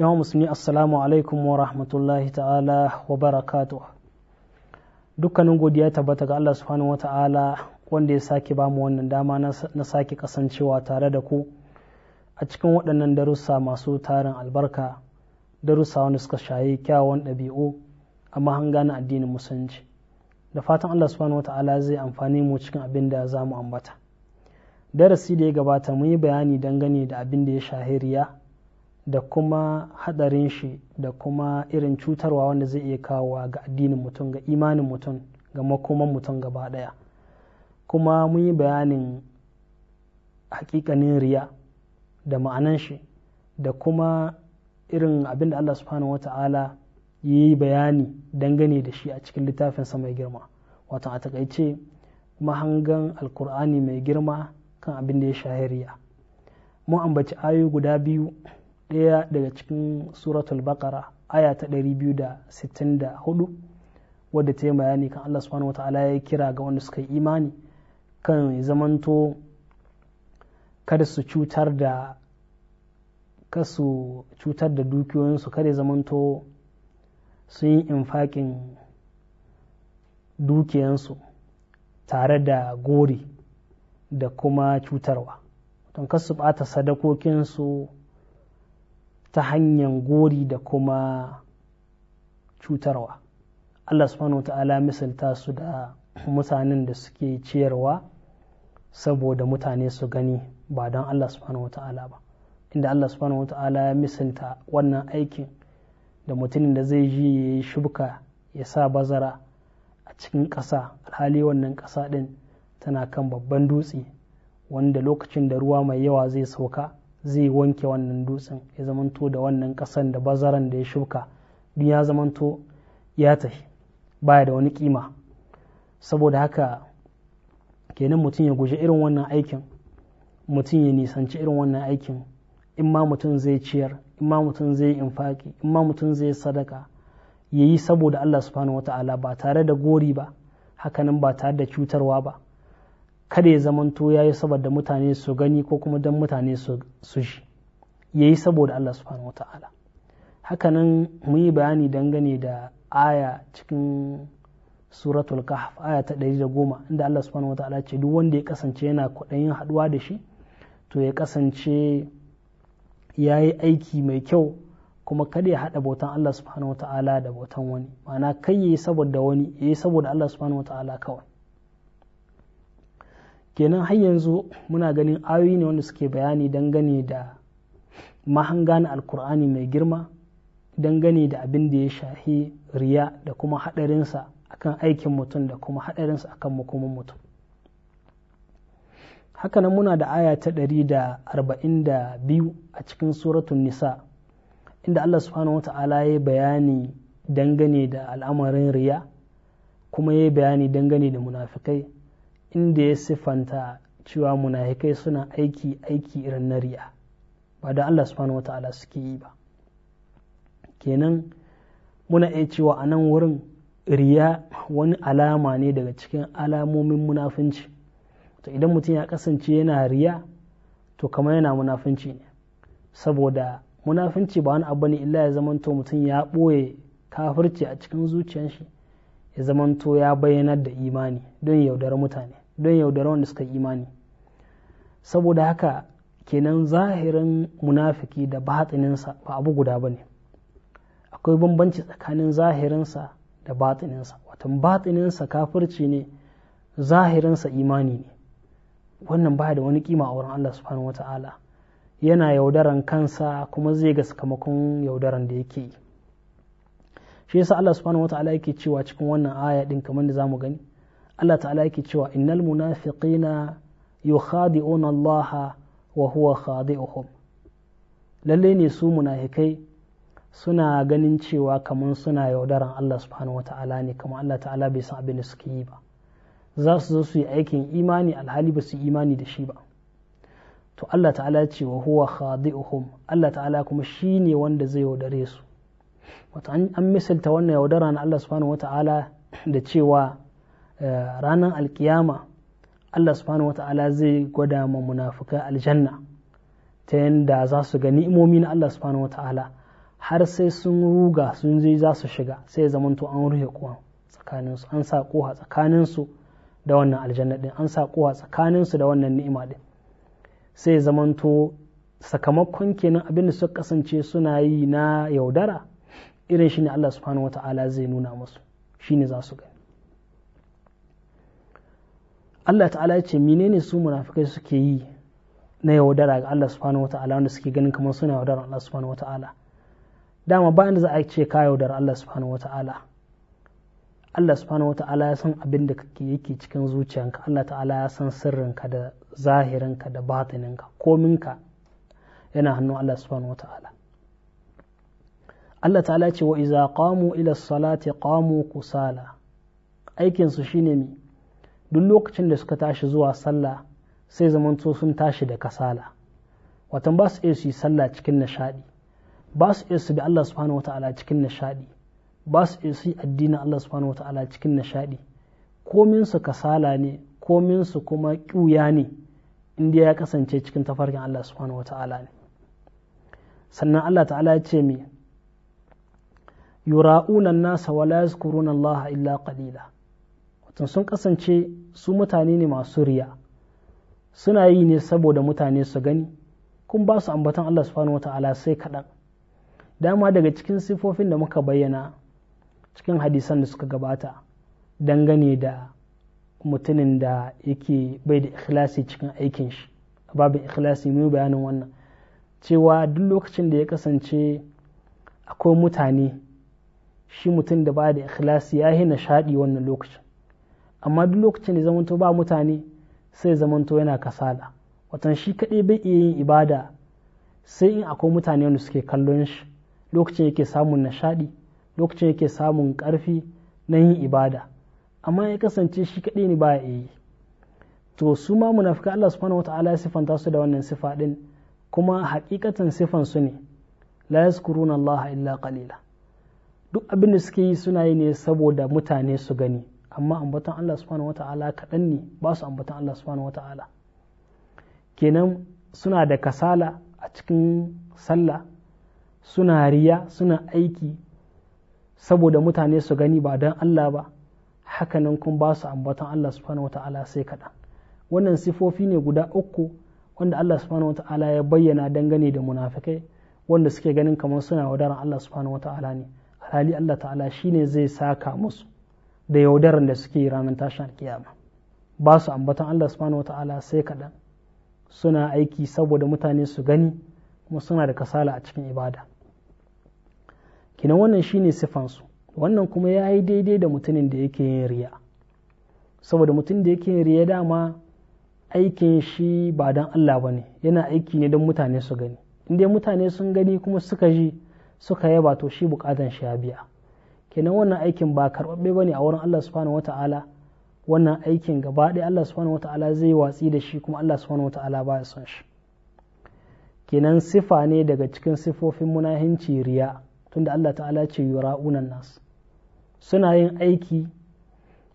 yawan musulmi assalamu alaikum wa rahmatullahi ta'ala wa barakatu dukkanin godiya tabbata ga Allah subhanahu wa ta'ala wanda ya sake ba mu wannan dama na sake kasancewa tare da ku a cikin waɗannan darussa masu tarin albarka darussa wanda suka shayi kyawun ɗabi'u Amma mahanga na addinin musulunci da fatan Allah subhanahu wa ta'ala zai amfani mu cikin abin da za mu ambata darasi da ya gabata mu yi bayani dangane da abin da ya shahiriya da kuma hadarin shi da kuma irin cutarwa wanda zai iya kawo ga addinin mutum ga imanin mutum ga makoman mutum gaba daya kuma mun yi bayanin hakikanin riya da ma'anan shi da kuma irin abin da Allah subhanahu wata'ala ya yi bayani dangane da shi a cikin littafin sa mai girma wato a takaice mahangan alkur'ani mai girma kan abin da ya riya mun ambaci ayoyi guda biyu ɗaya daga cikin suratul baqara aya ta 264 wadda ta yi bayani kan Allah subhanahu wa ta'ala ya kira ga wanda suka yi imani kan zamanto kada su cutar da kasu cutar da dukiyoyinsu kada zamanto sun yi infakin dukiyansu tare da gori da kuma cutarwa don kasu bata sadakokinsu ta hanyar gori da kuma cutarwa Allah subhanahu wa ta'ala misalta su da mutanen da suke ciyarwa saboda mutane su gani ba don Allah subhanahu wa ta'ala ba inda Allah subhanahu wa ta'ala ya misalta wannan aikin da mutumin da zai ji ya yi shubka ya sa bazara a cikin ƙasa alhali wannan ƙasa ɗin tana kan babban dutse wanda lokacin da ruwa mai yawa zai sauka zai wanke wannan dutsen ya zamanto da wannan ƙasan da bazaran da ya shuka duk ya zamanto ya tafi baya da wani kima saboda haka kenan mutum ya guji irin wannan aikin mutum ya nisanci irin wannan aikin in ma mutum zai ciyar in ma mutum zai infaki in ma mutum zai sadaka ya yi saboda Allah subhanahu wata'ala ba tare da gori ba hakanan ba tare da cutarwa ba kada ya zamanto ya yi saboda mutane su gani ko kuma don mutane su shi ya yi saboda Allah subhanahu wa ta'ala hakanan mu yi bayani dangane da aya cikin suratul kahf aya ta 110 inda Allah subhanahu wa ta'ala ce duk wanda ya kasance yana kwaɗayin haɗuwa da shi to ya kasance ya yi aiki mai kyau kuma kada ya haɗa bautan Allah subhanahu wa ta'ala da bautan wani ma'ana kai ya yi saboda wani ya yi saboda Allah subhanahu wa ta'ala kawai kenan har yanzu muna ganin ayoyi ne wanda suke bayani dangane da mahanga na alkur'ani mai girma dangane da abin da ya shahi riya da kuma haɗarinsa akan aikin mutum da kuma haɗarinsa akan mukumin mutum hakanan muna da aya ta 142 a cikin suratun nisa inda Allah subhanahu wa ta'ala ya bayani dangane da al'amarin riya kuma ya bayani dangane da munafikai inda ya siffanta cewa munafikai suna aiki aiki irin na riya ba da Allah subhanahu wa ta'ala suke yi ba kenan muna iya cewa a nan wurin riya wani alama ne daga cikin alamomin munafinci to idan mutum ya kasance yana riya to kamar yana munafinci ne saboda munafunci ba wani abu ne illa ya zamanto mutum ya ɓoye kafirci a cikin zuciyar shi ya zamanto ya bayyanar da imani don yaudar mutane don yaudara wanda suka imani saboda haka kenan zahirin munafiki da batsininsa ba abu guda ba ne akwai bambanci tsakanin zahirinsa da batsininsa watan batsininsa kafirci ne zahirinsa imani ne wannan ba da wani kima a wurin Allah subhanahu wa ta'ala yana yaudaran kansa kuma zai ga sakamakon yaudaran da yake yi shi yasa Allah subhanahu wa ta'ala yake cewa cikin wannan aya din kamar da za mu gani Allah ta'ala yake cewa innal munafiqina yukhadi'una Allah wa huwa khadi'uhum lalle ne su munafikai suna ganin cewa kaman suna yaudaran Allah subhanahu wa ta'ala ne kamar Allah ta'ala bai san abin da suke yi ba za su zo su yi aikin imani alhali ba su imani da shi ba to Allah ta'ala ce wa huwa khadi'uhum Allah ta'ala kuma shine wanda zai yaudare su wato an misalta wannan yaudara na Allah subhanahu wa ta'ala da cewa Eh, ranar alkiyama Allah subhanahu wa ta'ala zai gwada ma munafika aljanna ta yadda za su ga ni'imomi na Allah subhanahu wa ta'ala har sai sun ruga sun zai za su shiga sai zamanto an rufe tsakanin tsakaninsu an sa koha tsakaninsu da wannan aljanna din an sa koha tsakaninsu da wannan ni'ima din sai zamanto sakamakon kenan abin da suka kasance suna yi na yaudara irin shi ne Allah subhanahu wa ta'ala zai nuna musu shi ne za su gani Allah ta'ala ya ce menene su munafikai suke yi na yaudara ga Allah subhanahu wata'ala wanda suke ganin kamar suna yaudara Allah subhanahu wata'ala dama bayan da za a ce ka yaudara Allah subhanahu wata'ala Allah subhanahu wata'ala ya san abin da kake yake cikin zuciyanka Allah ta'ala ya san sirrinka da zahirinka da batininka kominka yana hannun Allah subhanahu wata'ala Allah ta'ala ce wa iza qamu ila salati qamu kusala aikinsu shine mi duk lokacin da suka tashi zuwa sallah sai zamanto sun tashi da kasala watan ba su iya su yi sallah cikin nishadi ba su iya su bi Allah subhanahu ta'ala cikin nishadi ba su iya su yi addinin Allah subhanahu ta'ala cikin nishadi komin su kasala ne komin su kuma ƙuya ne inda ya kasance cikin tafarkin Allah subhanahu ta'ala ne sannan Allah ta'ala ya ce me yura'una nasa wala yazkuruna Allah illa qalila wato sun kasance su mutane ne masu riya suna yi ne saboda mutane su gani kun ba su ambaton Allah subhanahu wata'ala sai kaɗan dama daga cikin sifofin da muka bayyana cikin hadisan da suka gabata dangane da mutumin da yake bai da ikhlasi cikin aikin shi babu ikhlasi mai bayanin wannan cewa duk lokacin da ya kasance akwai mutane shi mutum da ba da ikhlasi ya yi nishaɗi wannan lokacin amma duk lokacin da zamanto ba mutane sai zamanto yana kasala watan shi kaɗai bai iya yin ibada sai in akwai mutane wanda suke kallon shi lokacin yake samun nishaɗi lokacin yake samun ƙarfi na yin ibada amma ya kasance shi kaɗai ne baya iya yi to su ma munafika Allah subhanahu wata'ala ya sifanta su da wannan sifa ɗin kuma hakikatan sifan su ne la yazkuruna Allah illa kalila duk abin da suke yi suna yi ne saboda mutane su gani amma ambatan Allah subhanahu ta'ala kaɗan ne ba su ambatan Allah subhanahu ta'ala kenan suna da kasala a cikin sallah suna riya suna aiki saboda mutane su gani ba don Allah ba hakanan kun ba su ambatan Allah subhanahu ta'ala sai kaɗan wannan sifofi ne guda uku wanda Allah subhanahu ta'ala ya bayyana dangane da munafikai wanda suke ganin kamar suna wadaran Allah subhanahu ta'ala ne hali Allah ta'ala shine zai saka musu da yaudaran da suke ranar tashin alkiyama ba su ambatan Allah subhanahu ta'ala sai kaɗan suna aiki saboda mutane su gani kuma suna da kasala a cikin ibada kinan wannan shine sifansu wannan kuma ya yi daidai da mutumin da yake yin riya saboda mutum da yake yin riya dama aikin shi ba don Allah ba ne yana aiki ne don mutane su gani inda mutane sun gani kuma suka ji suka yaba to shi bukatan shi ya biya kenan wannan aikin ba karɓaɓɓe ba ne a wurin Allah subhanahu ta'ala wannan aikin gaba ɗaya Allah subhanahu ta'ala zai watsi da shi kuma Allah subhanahu ta'ala ba ya son shi kenan sifa ne daga cikin sifofin munahinci riya tunda Allah ta'ala ce yura'unan nas suna yin aiki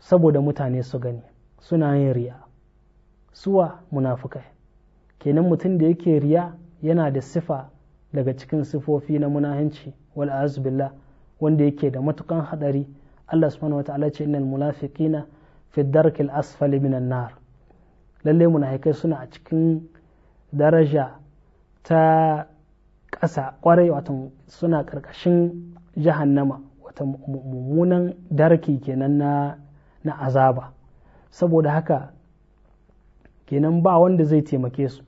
saboda mutane su gani suna yin riya suwa munafukai kenan mutum da yake riya yana da sifa daga cikin sifofi na munahinci wal azbillah wanda yake da matukan hadari Allah subhanahu wataala ce innal munafiqina fi darkil asfali minan nar lalle munafikai suna a cikin daraja ta ƙasa kwarai wato suna ƙarƙashin jahannama wata mummunan darki kenan na na azaba saboda haka kenan ba wanda zai taimake su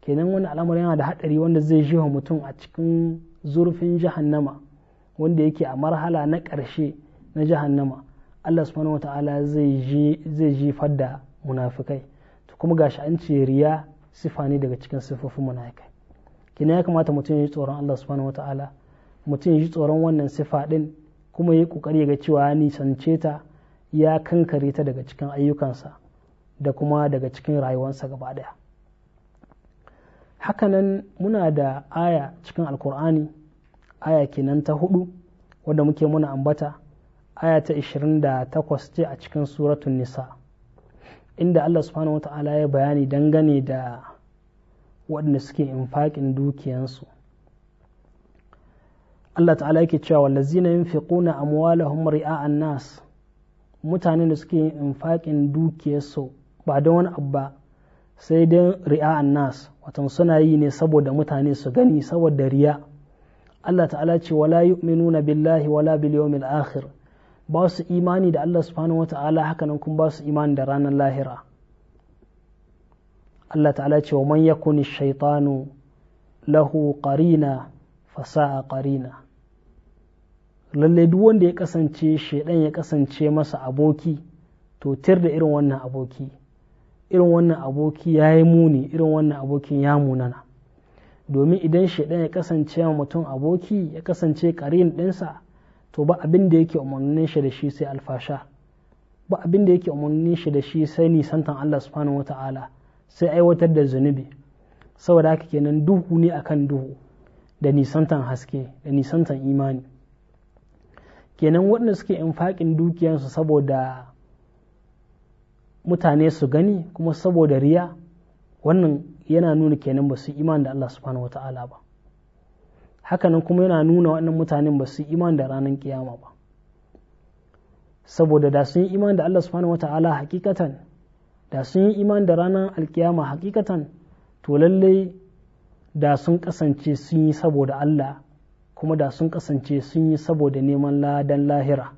kenan wani al'amari yana da hadari wanda zai jiwa mutum a cikin zurfin jahannama wanda yake a marhala na ƙarshe na jahannama Allah subhanahu wata'ala zai jefar da munafikai to kuma gashi an ce riya sifa ne daga cikin sifofin munafikai kina ya kamata mutum ya ji tsoron Allah subhanahu wata'ala mutum ya ji tsoron wannan sifa din kuma ya yi kokari ga cewa ya nisance ta ya kankare ta daga cikin ayyukansa da kuma daga cikin rayuwarsa gaba daya hakanan muna da aya cikin alkur'ani aya kenan ta hudu wadda muke muna ambata aya ta 28 ce a cikin suratun nisa inda Allah subhanahu wa ta'ala ya bayani dangane da waɗanda suke infaƙin dukiyansu Allah ta'ala yake cewa wallazina yunfiquna amwalahum ri'a'an nas mutanen da suke yin infaƙin dukiyarsu ba don wani abu ba sai dai ri'a'an nas watan suna yi ne saboda mutane su gani saboda riya Allah ta'ala ce wala yu'minuna billahi wala bil yawmil akhir ba su imani da Allah subhanahu wata'ala haka nan kuma ba su imani da ranar lahira Allah ta'ala ce wa man yakuni shaytanu lahu qarina fasa'a qarina lalle duk wanda ya kasance shaidan ya kasance masa aboki to tir da irin wannan aboki irin wannan aboki ya muni irin wannan abokin ya munana domin idan shaidan ya kasance wa mutum aboki ya kasance karin ɗinsa to ba abin da yake umarnin shi da shi sai alfasha ba abin da yake umarnin shi da shi sai nisantan Allah subhanahu wa ta'ala sai aiwatar da zunubi saboda haka kenan duhu ne akan duhu da nisantan haske da nisantan imani kenan waɗanda suke infaƙin dukiyansu saboda mutane su gani kuma saboda riya wannan yana nuna kenan ba su iman da Allah subhanahu wa ta'ala ba hakanan kuma yana nuna waɗannan mutanen ba su iman da ranar kiyama ba saboda da sun yi iman da Allah subhanahu wa ta'ala hakikatan da sun yi iman da ranar alkiyama hakikatan to lallai da sun kasance sun yi saboda Allah kuma da sun kasance sun yi saboda neman ladan lahira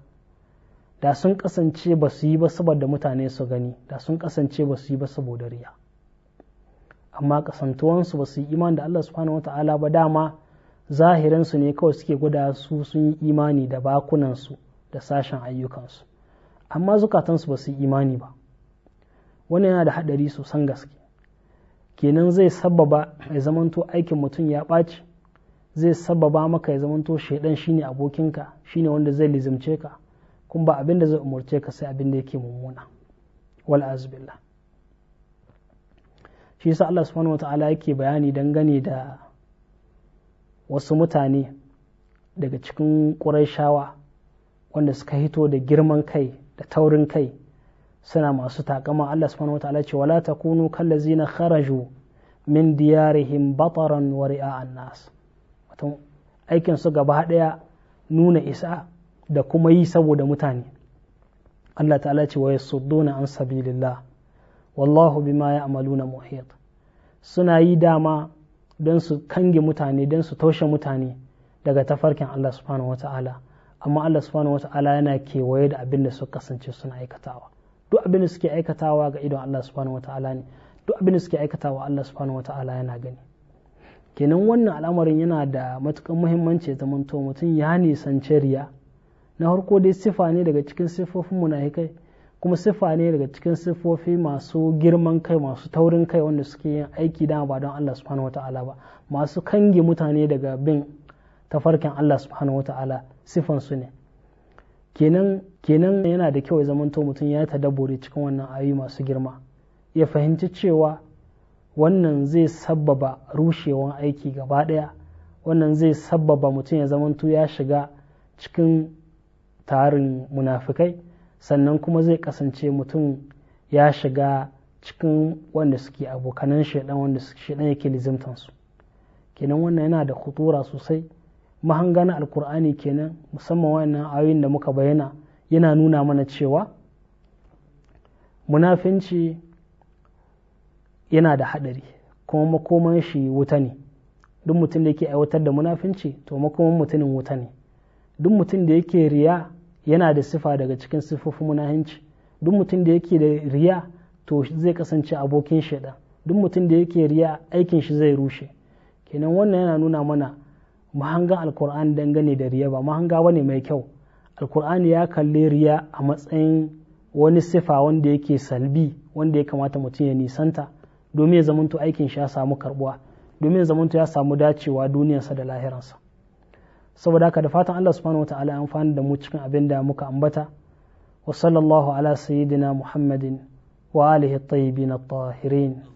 da sun kasance ba su yi ba saboda mutane su gani da sun kasance ba su yi ba saboda riya amma kasantuwansu ba su yi imani da Allah subhanahu wa ta'ala ba dama zahirinsu ne kawai suke guda su sun yi imani da bakunansu da sashen ayyukansu amma zukatansu ba su yi imani ba wannan yana da haɗari sosan gaske kenan zai sababa ya zamanto aikin mutum ya ɓaci zai sababa maka ya zamanto shaidan shine abokinka shine wanda zai lizimce ka kuma ba abin da zai umarce ka sai abin da yake mummuna wal azbillah shi sa Allah subhanahu wata'ala yake bayani dangane da wasu mutane daga cikin ƙurayshawa wanda suka hito da girman kai da taurin kai suna masu takama Allah subhanahu wata'ala ce wala takunu kallazina kharaju min diyarihim bataran wa ri'a'an nas aikin su gaba daya nuna isa da kuma yi saboda mutane Allah ta'ala ce wa yasudduna an sabilillah wallahu bima ya na muhit suna yi dama don su kange mutane don su toshe mutane daga tafarkin Allah subhanahu ta'ala amma Allah subhanahu ta'ala yana kewaye da abin da suka kasance suna aikatawa duk abin da suke aikatawa ga idon Allah subhanahu ta'ala ne duk abin da suke aikatawa Allah subhanahu ta'ala yana gani kenan wannan al'amarin yana da matukan muhimmanci ya mutum ya nisance riya na harko dai sifa ne daga cikin siffofin munafikai kuma siffa ne daga cikin siffofi masu girman kai masu taurin kai wanda suke yin aiki dama ba don Allah subhanahu ta'ala ba masu kange mutane daga bin tafarkin Allah subhanahu wata'ala siffan su ne kenan yana da kyau ya zamanto mutum ya tadabburi cikin wannan ayi masu girma ya fahimci cewa wannan zai sabbaba rushewan aiki gaba daya wannan zai sabbaba mutum ya zamanto ya shiga cikin tarin munafikai sannan kuma zai kasance mutum ya shiga cikin wanda suke abokanan shaidan wanda shaidan yake lizimtansu kenan wannan yana da kutura sosai mahangan alkur'ani kenan musamman wannan ayoyin da muka bayyana yana nuna mana cewa munafinci yana da haɗari kuma makoman shi wuta ne duk mutum da yake aiwatar da munafinci to makoman mutumin wuta ne duk mutum da yake riya yana da sifa daga cikin siffofin munahinci duk mutum da yake da riya to zai kasance abokin shaidan duk mutum da yake riya aikin shi zai rushe kenan wannan yana nuna mana mahangan alkur'ani dangane da riya ba mahanga bane mai kyau alkur'ani ya kalli riya a matsayin wani sifa wanda yake salbi wanda ya kamata mutum ya nisanta domin ya zamanto aikin shi ya samu karbuwa domin ya zamanto ya samu dacewa duniyarsa da lahiransa saboda haka da fatan Allah subhanahu wataala an fani da mu cikin abin da muka ambata wa sallallahu ala sayyidina muhammadin wa alihi at-tayyibin at-tahirin